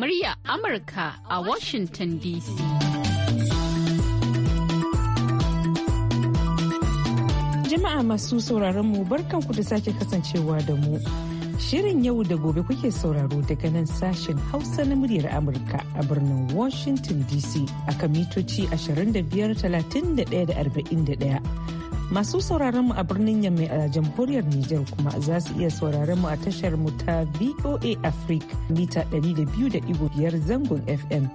murya Amurka a Washington DC. Jama'a masu sauraron mu barkanku da sake kasancewa da mu. Shirin yau da gobe kuke sauraro daga nan sashen Hausa na muryar Amurka a birnin Washington DC a kan mitoci 25, 31, 41. Masu sauraron mu a birnin Yamai a jamhuriyar Nijar kuma za su iya sauraron mu a tashar mu ta VOA Africa mita 200.5 zangon FM.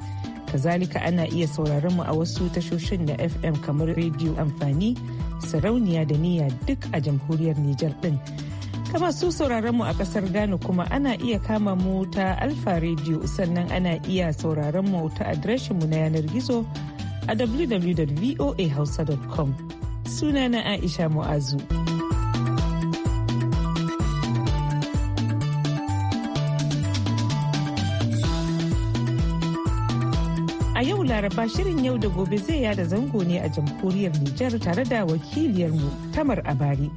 Kazalika ana iya sauraron mu a wasu tashoshin na FM kamar rediyo amfani, sarauniya da niyya duk a jamhuriyar Nijar din. Ta masu sauraron mu a kasar Ghana kuma ana iya kama mu ta Alfa Radio sannan ana iya sauraron mu ta adireshin mu na yanar gizo a www.voahausa.com. Suna na Aisha Mu'azu. A yau Laraba shirin yau da gobe zai yada zango ne a jamhuriyar Nijar tare da wakiliyarmu Tamar Abari.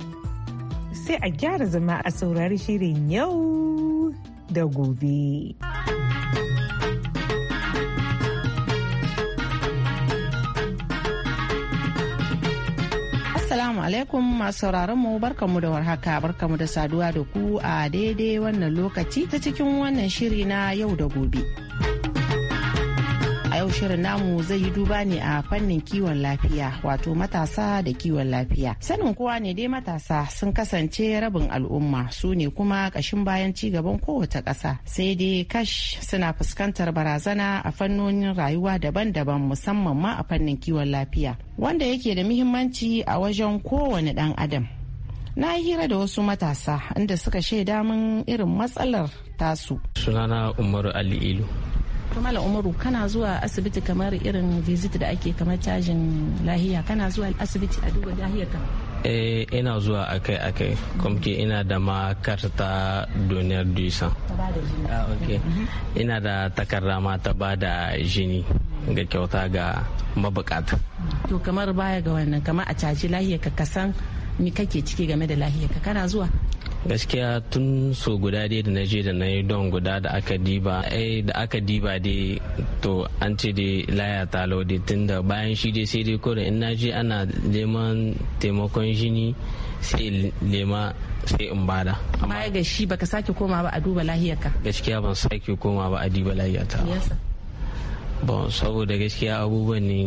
Sai a gyara zama a saurari shirin yau da gobe. Assalamu alaikum masu sauraron mu barkamu da warhaka barkamu da saduwa da ku a daidai wannan lokaci ta cikin wannan shiri na yau da gobe. yau shirin namu zai yi duba ne a fannin kiwon lafiya wato matasa da kiwon lafiya. Sanin kowa ne dai matasa sun kasance rabin al'umma su ne kuma ƙashin bayan ci gaban kowace ƙasa. Sai dai kash suna fuskantar barazana a fannonin rayuwa daban-daban musamman ma a fannin kiwon lafiya. Wanda yake da muhimmanci a wajen kowane ɗan adam. na yi hira da wasu matasa inda suka shaida min irin matsalar tasu sunana umaru ali ilu to mala umaru kana zuwa asibiti kamar irin visit da ake kamar cajin lahiya kana zuwa asibiti a duba lahiyarka eh ina zuwa akai akai kwamke ina da ma karta donor ah okay. Mhm. ina da takarda ma ta bada jini ga kyauta ga mabukata to kamar baya ga wannan kamar a caji lahiya ka san me kake ciki game da ka kana zuwa gaskiya tun so guda dai da na je da na yi don guda da aka diba ai eh, da aka diba dai to an ce dai laya talo dai tun da bayan shi dai sai dai kore in na je ana neman taimakon jini sai lema sai in bada amma ga shi baka sake koma ba a duba lahiyarka gaskiya ban sake koma ba a duba lahiyata ba saboda gaskiya abubuwan ne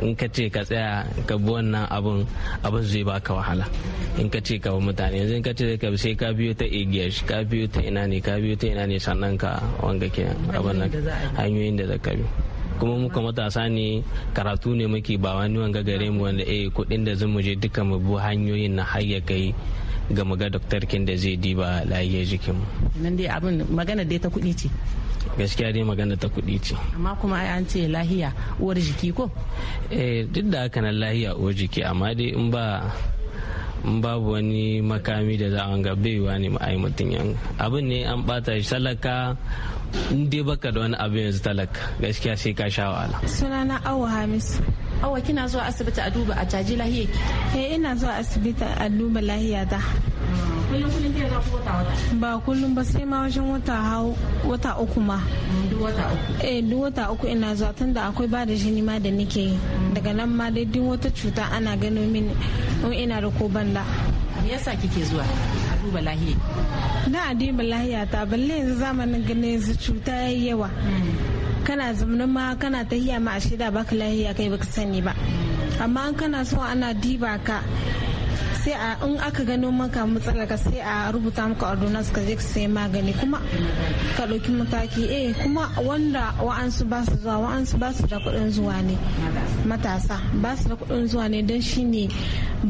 in ka ce ka tsaya ka bi wannan abun abin zai baka wahala in ka ce ka bi mutane yanzu in ka ce ka sai ka biyo ta igiyar ka biyo ta ina ne ka biyo ta ina ne sannan ka wanga ke abin nan hanyoyin da za bi kuma muka matasa ne karatu ne muke ba wani wanga gare mu wanda eh kudin da zamu je duka mu bu hanyoyin na har ya kai ga muga doktor kin da zai diba lafiyar jikin mu nan dai abin magana dai ta kudi ce gaskiya dai magana ta kuɗi ce amma kuma an ce lahiya uwar jiki ko eh duk da haka nan lahiya uwar jiki amma dai in ba in babu wani makami da za a ga baiwa ne ma'ai mutum yan abin ne an bata shi talaka in dai baka da wani abu yanzu talaka gaskiya sai ka sha wahala sunana awa hamis awa kina zuwa asibiti a duba a caji lahiya ke eh, ina zuwa asibiti a duba lahiya ta kullum kullum ke zuwa ko wata wata ba kullum ba sai ma wajen wata hau wata uku ma mm, duk wata uku eh duk wata uku ina zuwa tunda akwai ba da jini ma da nake yi mm. daga nan ma dai duk wata cuta ana gano mini in ina da ko da me yasa kike zuwa a duba lahiya na a duba lahiya ta balle yanzu zamanin ganin cuta yayi yawa mm. kana zamanin ma kana tahiya ma a shida baka lahiya kai baka sani ba amma an kana so ana diba ka sai a in aka gano maka matsala ka sai a rubuta maka ordonance ka je ka sai magani kuma ka ɗauki mataki eh kuma wanda wa'ansu ba su zuwa wa'ansu ba su da kuɗin zuwa ne matasa ba su da kuɗin zuwa ne don shi ne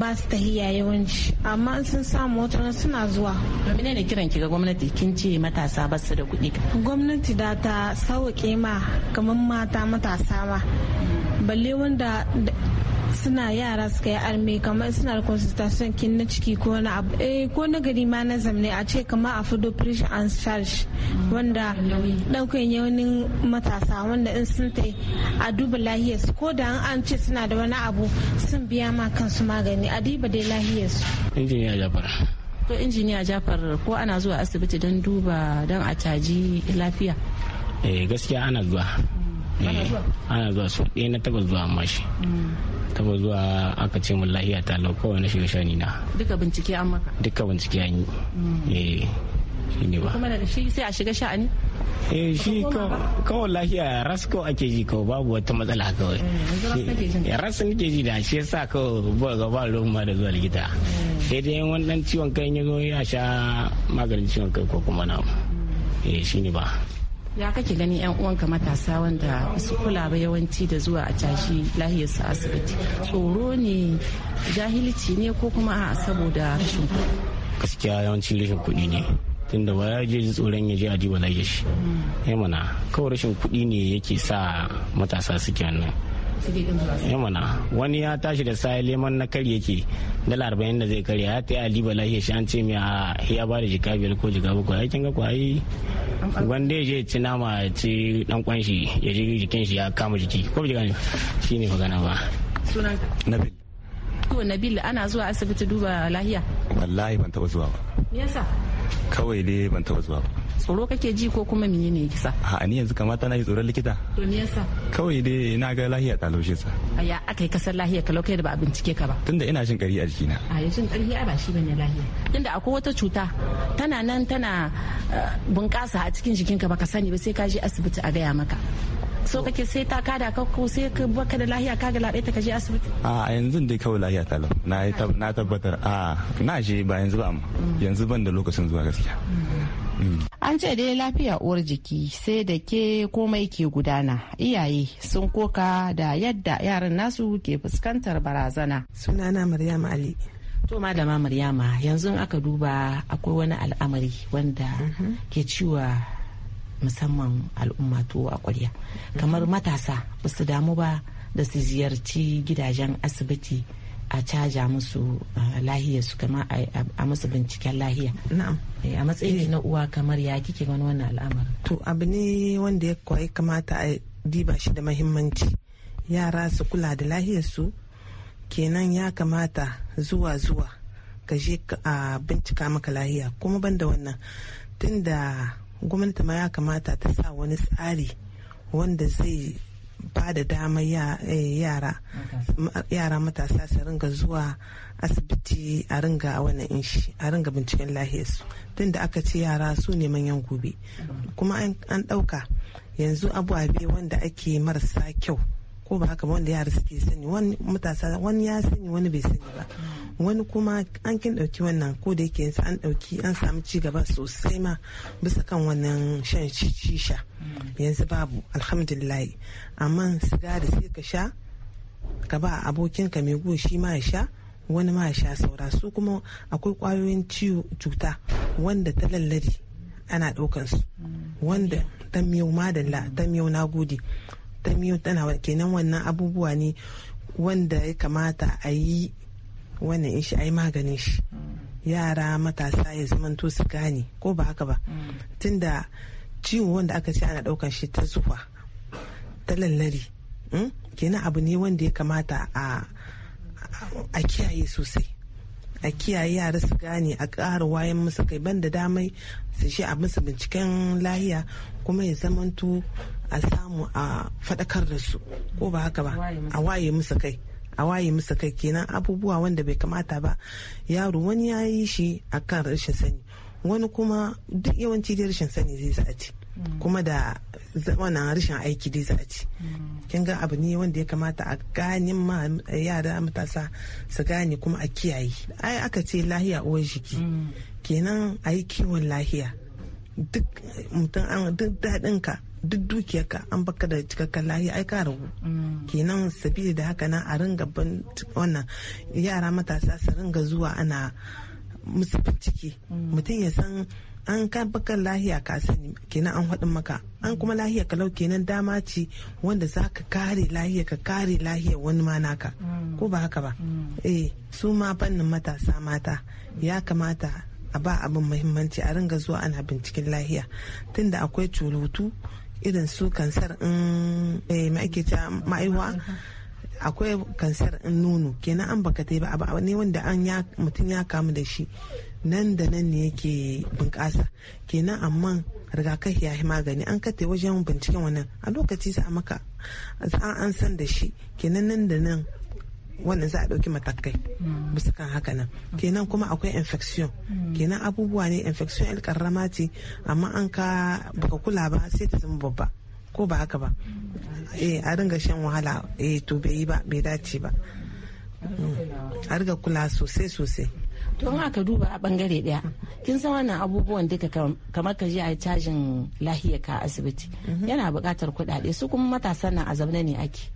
ba su tahiya yawanci amma in sun samu wata suna zuwa. Mene ne kiran ki ga gwamnati kin ce matasa ba su da kuɗi? Gwamnati da ta sauƙe ma kamar mata matasa ma balle wanda suna yara suka yi arme kamar suna da consultation kin na ciki ko na abu eh ko na gari ma na zamne a ce kamar a fudo preach and charge wanda daukan yaunin matasa wanda in sun tai a duba lahiyarsu ko da an ce suna da wani abu sun biya ma kansu magani a diba dai lahiyarsu injiniya jafar to injiniya jafar ko ana zuwa asibiti don duba don a caji lafiya eh gaskiya ana zuwa Eh, ana zuwa su ɗaya na takwas zuwa amma shi taɓa zuwa aka ce mun lahiya ta lau kawai na shiga shani na duka bincike an maka duka bincike an yi mm. eh, shi ne ba kuma shi sai a shiga sha'ani eh shi kawai lahiya ras ko ake ji ko babu wata matsala kawai eh, ras nake ji da shi yasa kawai ba ga ba ruwan da zuwa likita sai dai wani dan ciwon kai ya zo ya sha maganin ciwon kai ko kuma na mm. eh shi ne ba ya kake gani yan uwan ka matasa wanda su kula ba yawanci da zuwa a tashi lahiyar su asibiti tsoro ne jahilci ne ko kuma a saboda rashin kuɗi gaskiya yawancin rashin kuɗi ne tunda ba ya je tsoron ya je a diba lahiyar shi hmm. eh mana kawai rashin kuɗi ne yake sa matasa suke wannan suke eh, mana yamana wani ya tashi da sayan leman na kari yake dala arba'in da zai karya ya ta yi aliba lahiya shi an ce mai a ah, ya ba da jika biyar ko jika bakwai ya kinga ko ayi wanda ya je ci nama ya ci dan kwanshi ya ji jikin shi ya kama jiki ko jika ne shi ne magana ba sunan nabil ko nabil ana zuwa asibiti duba lahiya wallahi ban taba zuwa ba me yasa kawai dai ban taba zuwa ba tsoro kake ji ko kuma mene ne kisa a ni yanzu kamata na yi tsoron likita to me yasa kawai dai na ga lahiya ta laushe sa a ya aka yi kasar lahiya ka kai da ba a bincike ka ba tunda ina jin kari a na a ya jin kari a ba shi bane lahiya tunda akwai wata cuta tana nan tana eh, bunƙasa a cikin jikinka baka sani ba sai ka je asibiti a gaya maka so kake sai ta kada ka ko sai ka baka da lahiya ka labe ta kaje asibiti a yanzu dai kawai lahiya ta lau na tabbatar a na je ba yanzu ba amma mm. yanzu ban da lokacin zuwa gaskiya mm. An ce dai lafiya uwar jiki sai da ke komai ke gudana. Iyaye sun koka da yadda yaran nasu ke fuskantar barazana. Sunana Maryam Ali. To Malama Maryama yanzu aka duba akwai wani al'amari wanda mhm. ke ciwa musamman al'umma to a kwarya. Mhm. Kamar matasa ba su damu ba da su ziyarci gidajen asibiti. a caja musu lahiya su kama a musu binciken lahiya eh, a matsayin eh. na uwa kamar ya kike wani wannan al'amarin to abu ne wanda ya kwaye kamata a diba shi da mahimmanci yara su kula da lahiyarsu kenan ya kamata zuwa zuwa ka je a bincika maka lahiya kuma banda wannan tunda gwamnati ma ya kamata ta sa wani tsari wanda zai ba da dama eh, yara yara matasa su ringa zuwa asibiti a ringa wannan inshi a ringa binciken lahiyarsu tun da aka ce yara su ne manyan gobe kuma an ɗauka yanzu abu abe wanda ake marasa kyau ko ba haka ba wanda yara suke sani wani matasa wani ya sani wani bai sani ba wani kuma an kin ɗauki wannan ko da yake an ɗauki an samu ci gaba sosai ma bisa kan wannan shan shisha yanzu babu alhamdulillah amma sigari sai ka sha ka ba abokinka mai goyo shi ma ya sha wani ma ya sha saura su kuma akwai kwayoyin cuta wanda ta lallari ana ɗaukan su wanda ta miyau madalla ta miyau na gode ta miyau tana kenan wannan abubuwa ne wanda ya kamata a yi wannan in shi ai maganin shi yara matasa ya zamanto su gane ko ba haka ba tunda ciwo wanda aka ce ana daukan shi ta zuwa ta lallari hmm, kenan abu ne wanda ya kamata a kiyaye sosai a kiyaye yara su gane a ƙara wayan musu kai da damai su shi a musu binciken lahiya kuma ya zamanto a samu a faɗakar da su ko ba haka ba a waye musu kai a waye musu kai kenan abubuwa wanda bai kamata ba yaro wani ya yi shi a kan rashin sani wani kuma duk yawanci da rashin sani zai za a ci mm. kuma da wannan rashin aiki dai za a ci mm. kin ga abu ne wanda ya kamata a ganin ma yara matasa su gane kuma a kiyaye ai aka ce lahiya uwar jiki mm. kenan a yi kiwon lahiya duk mutum duk daɗinka duk dukiyarka an baka da cikakken lahiya ai ka ragu mm. kenan sabili da haka na a ringa wannan yara matasa su ringa zuwa ana musu bincike mm. mutum ya san an ka baka lahiya ka sani kenan an haɗin maka an kuma lahiya kalau kenan dama ce wanda za ka kare lahiya ka kare lahiya wani ma naka mm. ko ba haka ba eh su ma fannin matasa mata ya kamata a ba abin muhimmanci a ringa zuwa ana binciken lahiya tunda akwai curutu irin su kansar in eh, mai ake ma'aiwa akwai kansar in nono kenan an baka ta ba abu ne wanda mutum ya kamu da shi nan da nan ne yake bunƙasa kenan amma rigakafi ya yi magani an kate wajen binciken wannan a lokaci za a maka an san da shi kenan nan da nan wannan za a ɗauki matakai hmm. bisa kan haka nan hmm. kenan kuma akwai infection hmm. kenan abubuwa ne infection yan karrama ce amma an ka baka kula ba sai ta zama babba ko ba haka ba eh, a ringa shan wahala eh to bai yi ba bai dace ba a riga kula sosai sosai to in aka duba a bangare daya kin san wannan abubuwan duka kamar ka je a cajin lahiya ka asibiti mhm. yana bukatar kuɗaɗe su kuma matasan nan a zaune ne ake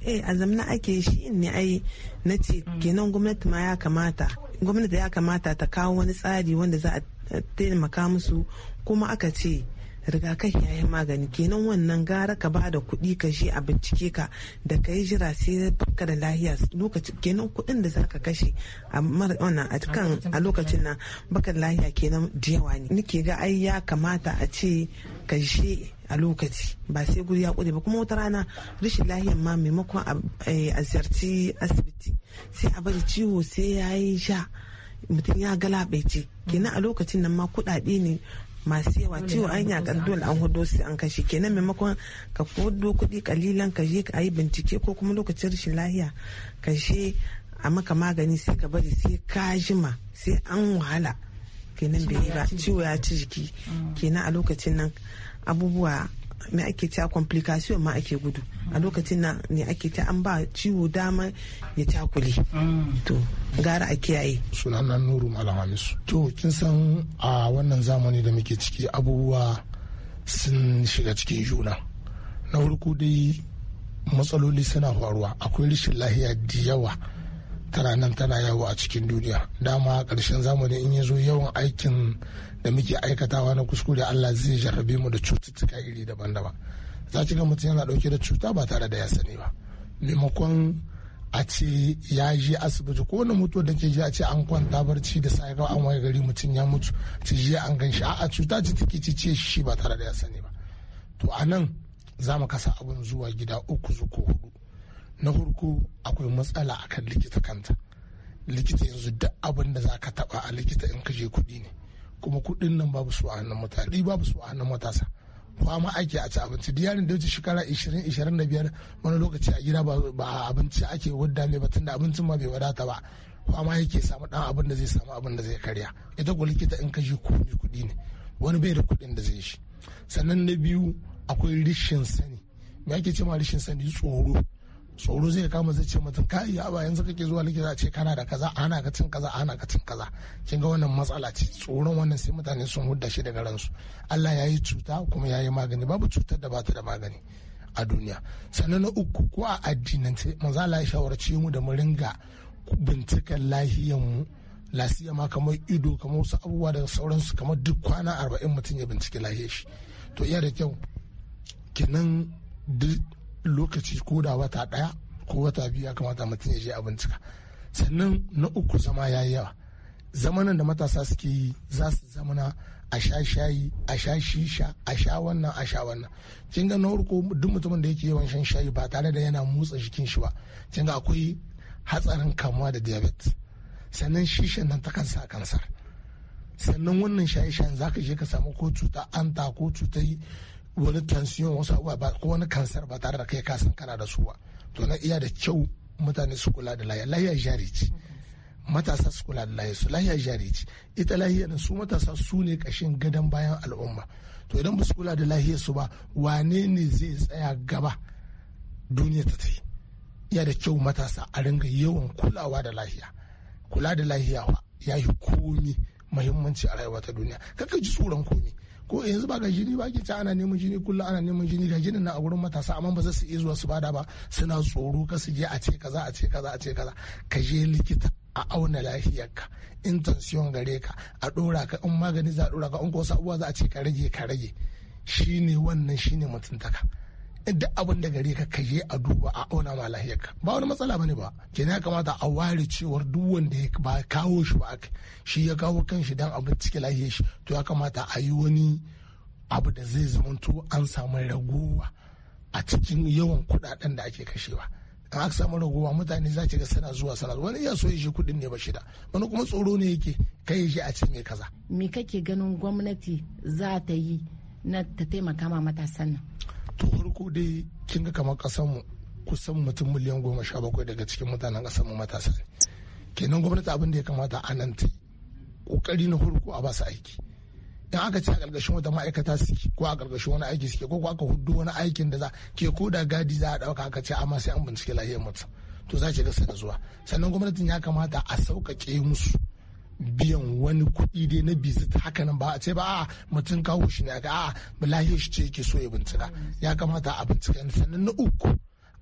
eh a zamna ake shi ne ai na ce mm. kenan gwamnati ma ya kamata gwamnati ya kamata ta kawo wani tsari wanda za a taimaka musu kuma aka ce rigakafi ya yi magani kenan wannan gara ka ba da kuɗi ka je a bincike ka da ka yi jira sai baka da lahiya lokacin kenan kuɗin da za ka kashe a a lokacin nan baka da lahiya kenan da yawa ne nike ga ai ya kamata a ce karshe a lokaci ba sai guri ya kure ba kuma wata rana rashin lahiyar ma maimakon eh, a ziyarci asibiti sai a bari ciwo sai ya yi sha mutum ya galabaice kenan a lokacin nan ma kuɗaɗe ne masu yawa ciwo an yakan dole an hudu sai an kashe kenan maimakon ka hudo kuɗi kalilan ka je ka yi bincike ko kuma lokacin rashin lahiya kashe a maka magani sai ka bari sai ka jima sai an wahala kenan bai yi ba ciwo ya ci jiki kenan a lokacin nan abubuwa me ake ta complication ma ake gudu a mm. lokacin nan ne ake ta an ba ciwo dama ya takule mm. to gara a kiyaye sunan nuru malam hamisu to kin san a wannan zamani da muke ciki abubuwa sun shiga cikin juna na farko dai matsaloli suna faruwa akwai rashin lahiya da yawa tana nan tana yawo a cikin duniya dama ƙarshen zamani in ya zo yawan aikin da muke aikatawa na kuskure allah zai jarrabe mu da cututtuka iri daban-daban za ki ga mutum yana ɗauke da cuta ba tare da ya sani ba maimakon a ce ya je asibiti ko wani mutuwa da ke ji a ce an kwanta barci da sa ga an waye gari mutum ya mutu ta je an gan shi a'a cuta ce take ci ce shi ba tare da ya sani ba to a nan za mu kasa abun zuwa gida uku zuko hudu na farko akwai matsala akan likita kanta likita yanzu duk abin da za ka taba a likita in ka je kuɗi ne kuma kuɗin nan babu su a hannun mutane babu su a hannun matasa ma ake a ci abinci diyarin da wuce shekara 20-25 wani lokaci a gida ba abinci ake wadda a batun da abincin ma bai wadata ba kwama yake samu dan abin da zai samu abin da zai karya ita ko likita in ka je kuɗi ne wani bai da kuɗin da zai shi sannan na biyu akwai rishin sani me ake ce ma rishin sani tsoro tsoro zai kama zai ce mutum ka ya ba yanzu kake zuwa likita ce kana da kaza ana ka cin kaza ana ka cin kaza kin ga wannan matsala ce tsoron wannan sai mutane sun hudda shi daga ransu Allah ya yi cuta kuma ya yi magani babu cutar da ba ta da magani a duniya sannan na uku ko a addinance maza Allah ya shawarci mu da mu ringa binciken lahiyar mu lasiya ma kamar ido kamar wasu abubuwa daga sauransu kamar duk kwana arba'in mutum ya binciki lahiyar shi to iya da kyau kenan lokaci ko da wata ɗaya ko wata biyu ya kamata mutum ya je a bincika sannan na uku zama ya yi yawa zamanin da matasa suke yi za su zamana a sha shayi a sha shisha a sha wannan a sha wannan kin ga na farko duk mutumin da yake yawan shan shayi ba tare da yana motsa jikin shi ba kin ga akwai hatsarin kamuwa da diabetes sannan shishan nan ta kansa kansar sannan wannan shaye-shayen za ka je ka samu ko cuta anta ko cutai wani tension wasu abubuwa ba ko wani kansar ba tare da kai ka san kana da su ba to na iya da kyau mutane su kula da lahiya lahiya jari ce matasa su kula da lahiya su lahiya jari ce ita lahiya ne su matasa su ne kashin gadon bayan al'umma to idan ba su kula da lahiyar su ba wane ne zai tsaya gaba duniya ta ta iya da kyau matasa a ringa yawan kulawa da lahiya kula da lahiya ya yi komi muhimmanci a rayuwa ta duniya kaka ji tsoron komi ko yanzu ba ga jini ba ke ana neman jini kullum ana neman jini ga jinin na a gurin matasa amma ba za su iya zuwa su bada ba suna tsoro ka su je a ce kaza a ce kaza a ce kaza ka je likita a auna lafiyarka in tension gare ka a dora ka in magani za a dora ka in ko abubuwa za a ce ka rage ka rage shine wannan shine mutuntaka duk abin da gare ka kaje a duba a auna ma lahiyarka ba wani matsala bane ba ne ya kamata a ware cewar duk wanda ya ba kawo shi ba shi ya kawo kanshi dan abin cikin lahiyar shi to ya kamata a yi wani abu da zai zamanto an samu ragowa a cikin yawan kudaden da ake kashewa a aka samu ragowa mutane za ki ga sana zuwa sana wani iya so shi kudin ne ba shida wani kuma tsoro ne yake kai shi a ce mai kaza me kake ganin gwamnati za ta yi na ta taimaka ma matasan nan to farko dai kin ga kamar mu kusan mutum miliyan goma sha bakwai daga cikin mutanen mu matasa ne kenan gwamnati abin da ya kamata a nan ta kokari na farko a ba su aiki in aka ce a ƙarƙashin wata ma'aikata ke ko a ƙarƙashin wani aiki suke ko ko aka hudu wani aikin da za ke ko da gadi za a ɗauka aka ce amma sai an bincike lafiyar mutum to za ki ga da zuwa sannan gwamnatin ya kamata a sauƙaƙe musu biyan wani kuɗi dai na bizit haka nan ba a ce ba a mutum kawo shi ne ga a lahiyar shi ce yake so ya bincika ya kamata a bincika sannan na uku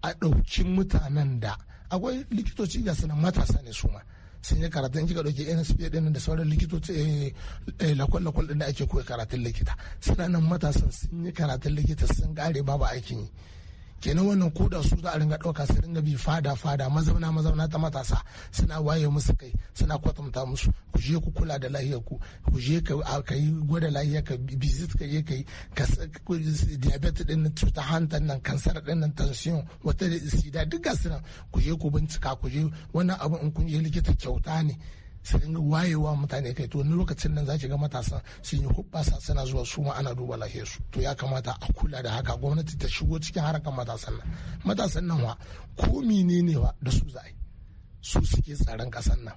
a ɗauki mutanen da akwai likitoci ga sanan matasa ne su ma sun yi karatun kika dauke NSP ɗin da sauran likitoci eh, eh, lakwal-lakwal ɗin da ake koya karatun likita suna matasan sun yi karatun likita sun kare babu aikin yi kenan wannan koda su za a ringa ɗauka su ringa bi fada fada mazauna mazauna ta matasa suna waye musu kai suna kwatanta musu ku je ku kula da lahiyar ku ku je ka yi gwada lahiyar ka bizit ka je ka yi ka diabetes din cuta hantar nan kansar din nan tension wata sida duka suna ku je ku bincika ku je wannan abu in kun je likita kyauta ne su dinga wayewa mutane kai to wani lokacin nan za ga matasa sun yi hubbasa suna zuwa su ma ana duba lafiyar su to ya kamata a kula da haka gwamnati ta shigo cikin harkar matasan nan matasan nan wa ko ne wa da su za'a su suke tsaron kasan nan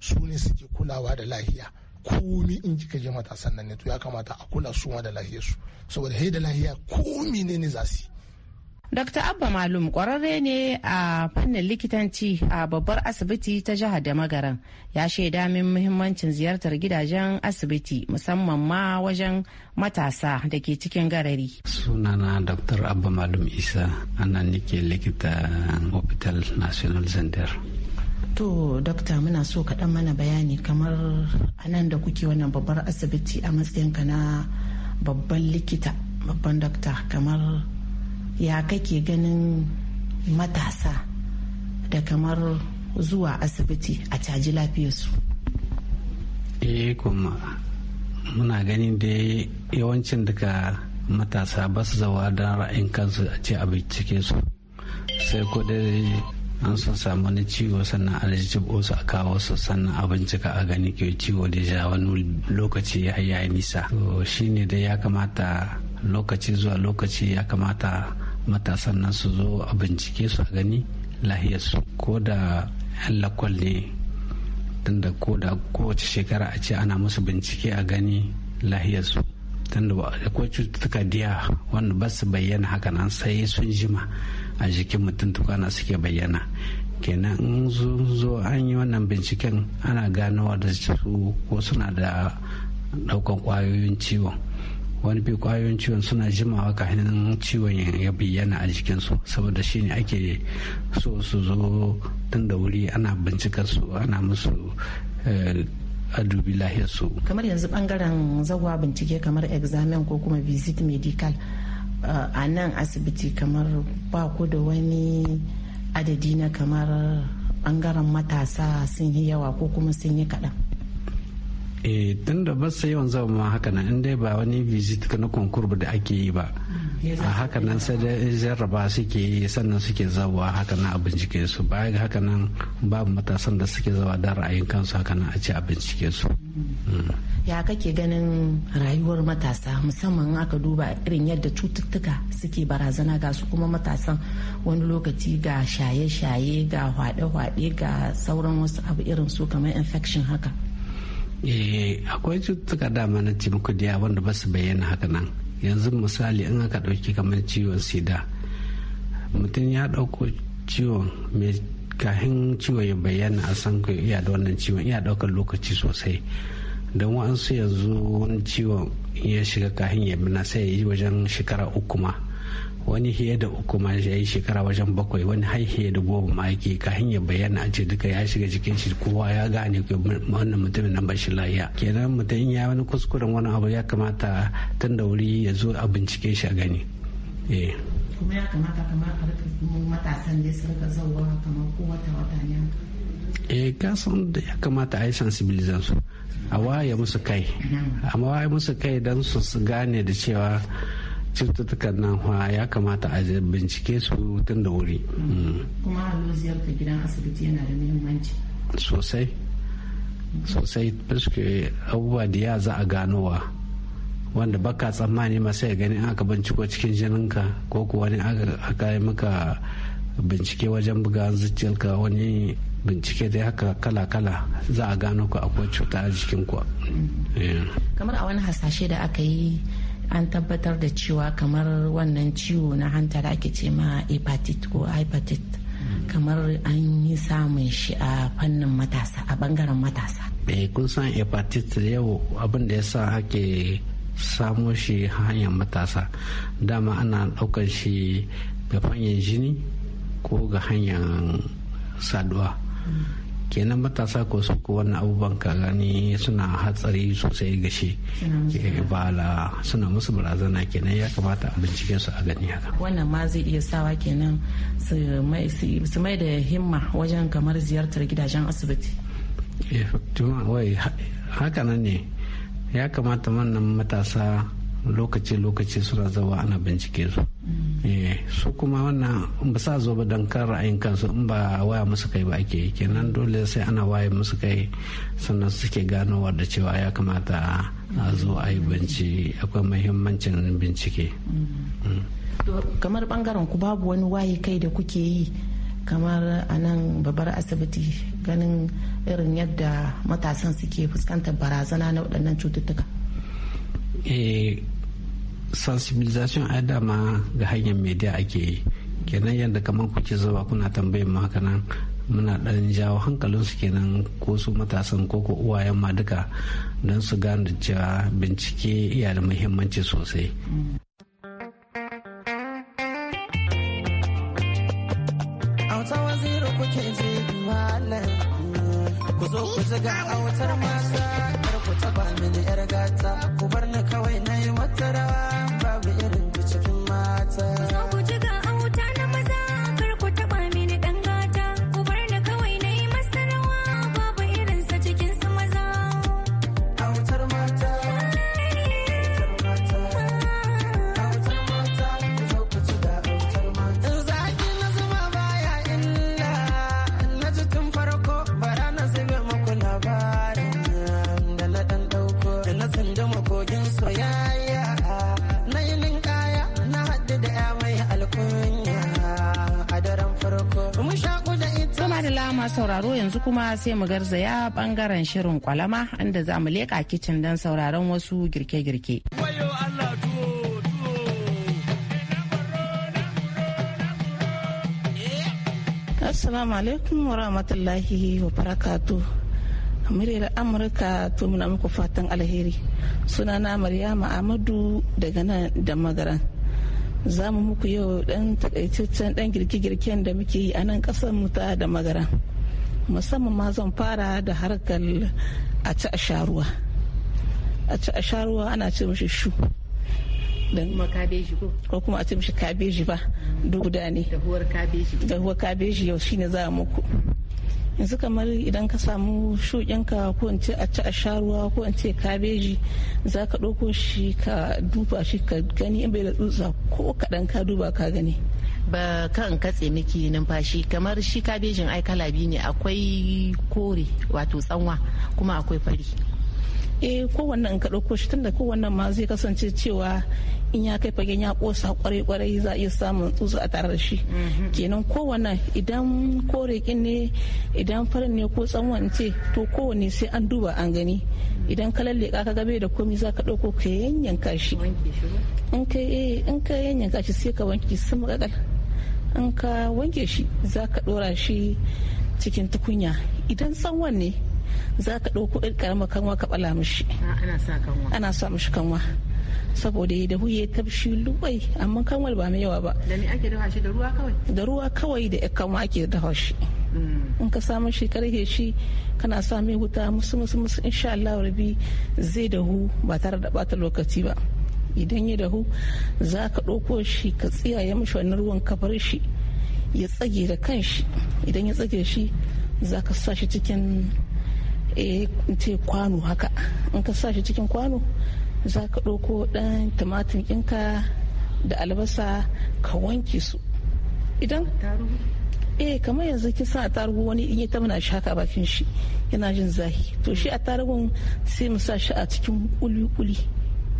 su ne suke kulawa da lahiya komi in kika je matasan nan ne to ya kamata a kula su ma da lafiyar su saboda hai da lafiya komi ne ne za su yi Dr. Abba Malum kwararre ne a fannin likitanci a babbar asibiti ta jihar da magaran ya shaida min muhimmancin ziyartar gidajen asibiti musamman ma wajen matasa da ke cikin garari. Sunana Dr. Abba Malum Isa ana nike likita Hospital National center. To, dokta muna so kaɗan mana bayani kamar anan da kuke wannan babbar asibiti a matsayinka na babban likita, babban dokta kamar ya kake ganin matasa da kamar zuwa asibiti a caji lafiyarsu eh kuma muna ganin da yawancin daga matasa ba su zawa don ra'ayin kansu a ce a bincike su sai kudai an sun samu na ciwo sannan a jibo su a kawo su sannan a bincika a gani ke ciwo da ja wani lokaci ya yi nisa shi shine da ya kamata lokaci zuwa lokaci ya kamata matasan nan su zo a bincike su a gani lahiyarsu ko da yan lakwal ne tunda ko da kowace shekara a ce ana musu bincike a gani lahiyarsu tunda akwai cututtuka diya wanda ba su bayyana haka nan sai sun jima a jikin mutum tukana suke bayyana kenan in zo an yi wannan binciken ana ganowa da su ko suna da daukan kwayoyin ciwon wani bi kwayoyin ciwon suna jimawa ka hannun ciwon ya bayyana a jikinsu saboda shi ne ake so su zo tun da wuri ana bincikar su ana musu eh, a dubi lahiyarsu kamar yanzu bangaren zagwa bincike kamar examen ko kuma visit medical eh, a nan asibiti kamar ba ku da wani adadi na kamar bangaren matasa sun yi yawa ko kuma sun yi kaɗan eh tun da ba sa yawan zama ma haka nan in dai ba wani visit na konkur da ake yi ba a haka nan sai da jarraba suke yi sannan suke zawa haka nan a bincike su baya ga haka nan babu matasan da suke zawa da ra'ayin kansu haka nan a ci a bincike su mm. ya kake ganin rayuwar matasa musamman aka duba irin yadda cututtuka suke barazana ga su kuma matasan wani lokaci ga shaye-shaye ga hwaɗe-hwaɗe ga sauran wasu abu irin su kamar infection haka eh akwai cututtuka dama na cimkudiya wanda ba su bayyana haka nan yanzu misali in aka ɗauki kamar ciwon sida mutum ya ɗauko ciwon mai kahin ciwon ya bayyana a san ku iya da wannan ciwon iya ɗaukar lokaci sosai don wa'ansu yanzu wani ciwon ya shiga kahin ya bina sai ya yi wajen shekara uku ma wani hiye da uku ma ya yi shekara wajen bakwai wani har hiye da goma ma yake kafin ya bayyana a ce duka ya shiga cikin shi kowa ya gane wannan mutumin nan bashi lafiya kenan mutum ya wani kuskuren wani abu ya kamata tun da wuri ya zo a bincike shi a gani eh. kuma ya kamata kamar a matasan su rika zauwa kamar wata ne eh da ya kamata a yi sensibilizan su a waye musu kai a waye musu kai don su gane da cewa cututtukan nan ya kamata a bincike su tun da wuri mm. kuma hallo ziyarta gidan asibiti yana da muhimmanci sosai sosai fuske abubuwa da ya za a ganowa wanda baka tsammani masu ya gani aka binciko cikin jininka ko kuwa ne aka yi maka bincike wajen buga zuciyarka wani bincike da haka kala-kala za a gano ku akwai cuta a jikin ku mm. eh. kamar a wani hasashe da aka yi an tabbatar da cewa kamar wannan ciwo na hanta da ake ce ma hepatit ko hepatit kamar an yi samun shi a fannin matasa a bangaren matasa. Eh kun san hepatit yau abin da ya sa ake samo shi hanyar matasa dama ana ɗaukar shi ga fanyar jini ko ga hanyar saduwa. Mm. kenan matasa ko su ko wannan abubuwan ka gani suna hatsari sosai ga shi eh, bala suna musu barazana kenan ya kamata a bincike su a gani haka wannan ma zai iya sawa kenan su mai da himma wajen kamar ziyartar gidajen asibiti eh, haka nan ne ya kamata wannan matasa lokaci-lokaci suna zawa ana bincike su mm. eh, su kuma wannan ba sa zo ba don kan ra'ayin kansu in ba waya musu kai ba ake yi kenan dole sai ana waya musu kai sannan suke ganowa da cewa ya kamata a zo a yi binci akwai muhimmancin bincike mm. Mm. kamar bangaren ku babu wani waye kai da kuke yi kamar a nan babbar asibiti ganin irin yadda matasan suke fuskantar barazana na waɗannan cututtuka eh, sensibilisation ai dama ga hanyar media ake yi kenan yadda kamar kuke zuwa kuna tambayin mu haka nan muna dan jawo hankalinsu kenan ko su matasan ko ko uwayen ma duka don su gane cewa bincike iya da muhimmanci sosai ku zo ku ziga a wutar masa kar ku taba mini yar gata ku bar ni kawai na yi wata sauraro yanzu kuma sai mu garzaya bangaren shirin kwalama inda za mu leƙa kicin don sauraron wasu girke-girke. Assalamu alaikum wa rahmatullahi wa barakatu. Muryar Amurka to muna muku fatan alheri. Sunana Maryama Amadu daga nan da magaran. zamu muku yau dan takaitaccen dan girke-girken da muke yi a nan kasar mu ta da magaran. musamman ma zan fara da harkar a ci a sharuwa a ci a sharuwa ana ce mishi shu ko kuma a ce mishi kabeji ba duk da ne huwar kabeji yau shine za a muku yanzu kamar idan ka samu shuɗinka ko in ce a ci a sharuwa ko in ce kabeji za ka ɗauko shi ka duba shi ka gani in bai da tsutsa ko kaɗan ka duba ka gani ba kan katse miki numfashi kamar shi kabejin aikala biyu ne akwai kore wato tsanwa kuma akwai fari eh kowanne in ka ɗauko shi tunda kowanne ma zai kasance cewa in ya kai fagen ya kosa kwarai kwarai za a iya samun tsutsu a tare da shi mhm. kenan kowanne idan kin ne idan farin ne ko tsanwan ce to kowanne sai an duba an gani idan ka lalle ka gabe da komai za ka ɗauko ka yanyanka shi eh, in ka yanyanka shi sai ka wanke sama kakal in ka wanke shi za ka ɗora shi cikin tukunya idan tsanwan ne za ka ɗauko ɗin ƙaramar kanwa ka ɓala mishi ah, ana sa mishi kanwa saboda ya dahu ya tafshi luwai amma kanwal ba mai yawa ba da ruwa kawai da ruwa kanwa ake dafa shi hmm. in ka samu shi karhe shi kana sa mai wuta musu musu musu insha Allah rabi zai dahu ba tare da bata lokaci ba idan ya dahu za ka ɗauko shi ka tsiyaye mishi wannan ruwan ka bar shi ya tsage da kanshi idan ya tsage shi za ka sa shi cikin e ce kwano haka in ka sa shi cikin kwano za ka ɗauko ɗan tumatir ɗinka da albasa ka wanke su idan eh kamar yanzu kin san attarugu wani in ya tamna shi haka bakin shi yana jin zahi to shi attarugun sai mu sa shi a cikin kuli-kuli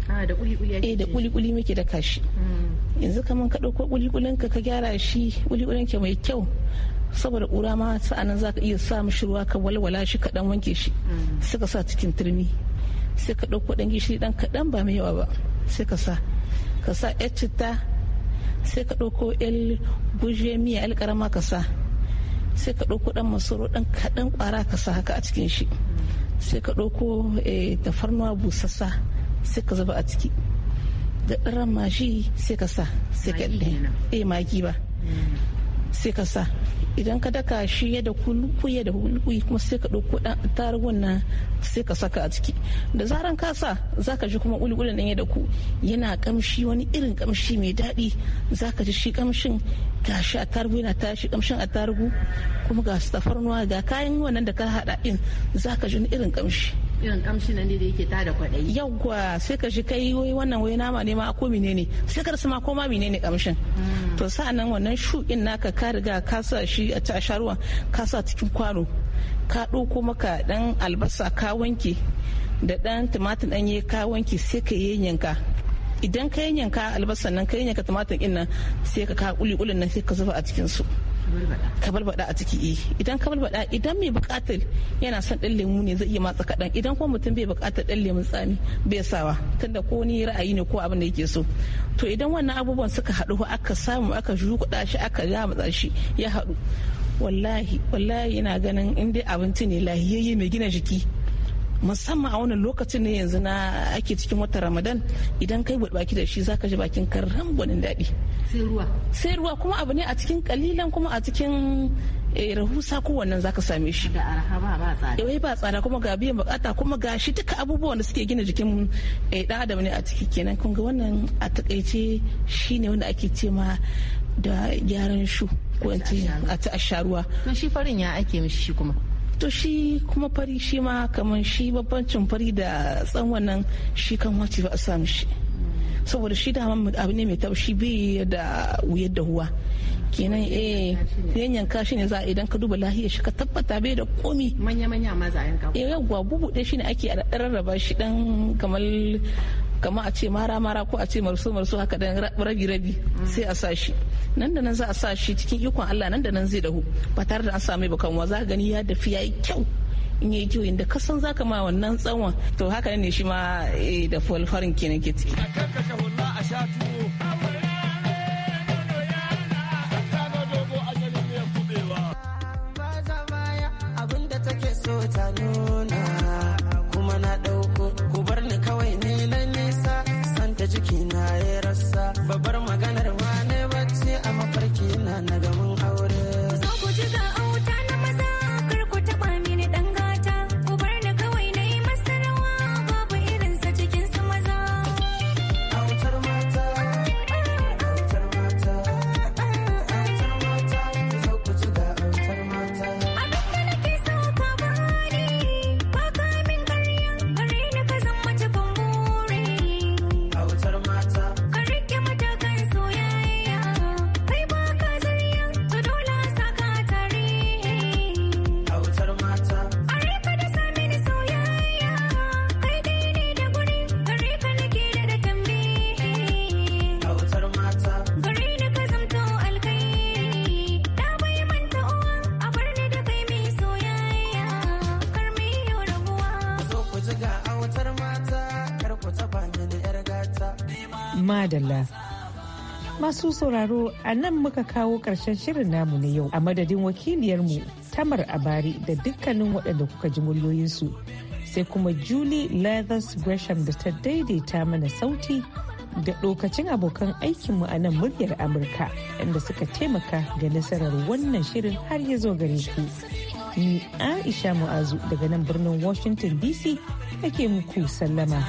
ah, da eh da kuli-kuli muke daka shi mm. yanzu kamar ka ɗauko kuli kulinka ka gyara shi kuli kulinka mai kyau saboda ƙura ma sa'anan za ka iya sa mishi ruwa ka walwala shi kaɗan wanke shi sai ka sa cikin turmi sai ka ɗauko ɗan gishiri ɗan kaɗan ba mai yawa ba sai ka sa ka sa yar citta sai ka ɗauko yar guje miya yar ƙarama ka sa sai ka ɗauko ɗan masoro ɗan kaɗan ƙwara ka sa haka a cikin shi sai ka ɗauko eh, tafarnuwa busassa sai ka zuba a ciki da ɗaran mashi sai ka sa sai ka eh magi ba mm. sai ka sa idan ka daka shi yadda ya da kuyi kuma sai ka ɗauko tarugun nan sai ka saka a ciki da zaran ka sa zaka ji kuma uli nan da ku yana kamshi wani irin kamshi mai daɗi zaka ji shi kamshin shi a tarugu yana tashi kamshin a tarugu kuma ga tafarnuwa ga kayan wannan da ka haɗa in zaka ji wani irin kamshi irin kamshi nan da yake tada kwaɗayi. Yawwa sai ka shi kai wai wannan wai nama ne ma ko menene sai ka rasa ma ko ma menene kamshin. Hmm. To sa'annan wannan shuɗin naka ka riga ka sa shi a tasha ka sa cikin kwano ka ɗauko maka ɗan albasa ka wanke da ɗan tumatir ɗanye ka wanke sai ka yanyanka idan ka yanyanka albasan nan ka yanyanka tumatir ɗin nan sai ka ka ƙuli kulin nan sai ka zuba a cikin su. kabalbada a ciki eh idan kabalbada idan mai bukatar yana son dan lemu ne zai iya matsa kadan idan kuma mutum bai bukatar dan lemun tsami bai sawa tunda ko ni ra'ayi ne ko abin da yake so to idan wannan abubuwan suka haɗu aka samu aka kuɗa shi aka damatsa shi ya haɗu wallahi wallahi ina ganin in dai abinci ne lahiyayye mai gina jiki musamman a wannan lokacin ne yanzu na ake cikin watan ramadan idan kai ba baki da shi zaka ji bakin ka rangwanin daɗi sai ruwa sai ruwa kuma abu ne a cikin kalilan kuma a cikin eh, rahusa ko za zaka same shi da arha ba tsada eh, ba tsada kuma ga biyan bukata kuma ga shi duka abubuwan da suke gina jikin eh, ɗan adam ne a ciki kenan kun ga wannan a takaice shine wanda ake ce ma da gyaran shu ko a ta asharuwa to shi farin ya ake mishi shi kuma to shi kuma fari shi ma kamar shi babbancin fari da tsan nan shi kan wace ba a samu shi saboda shi da abu ne mai taushi bai da wuyar da huwa kenan eh yanka shi ne za a idan ka duba lahiyar shi ka tabbata bai da komi manya manya ma za a yanka eh yawwa bubuɗe shi ne ake rarraba shi dan kamar kamar a ce mara mara ko a ce marso marso haka dan rabi rabi sai a sa shi nan da nan za a sa shi cikin ikon Allah nan da nan zai dahu ba tare da an samu ba bakanwa za gani ya dafi yayi kyau in yi kyau inda za zaka ma wannan tsawon to haka ne shi ma eh, da farin kenan ke ciki so ta nuna madalla masu sauraro a nan muka kawo ƙarshen shirin namu na yau a madadin wakiliyarmu tamar abari da dukkanin waɗanda kuka ji muryoyinsu sai kuma julie leathers gresham da ta daidaita mana sauti da ɗokacin abokan aikinmu a nan muryar amurka inda suka taimaka ga nasarar wannan shirin har ya zo gare ku ni aisha mu'azu daga nan birnin washington dc ake muku sallama.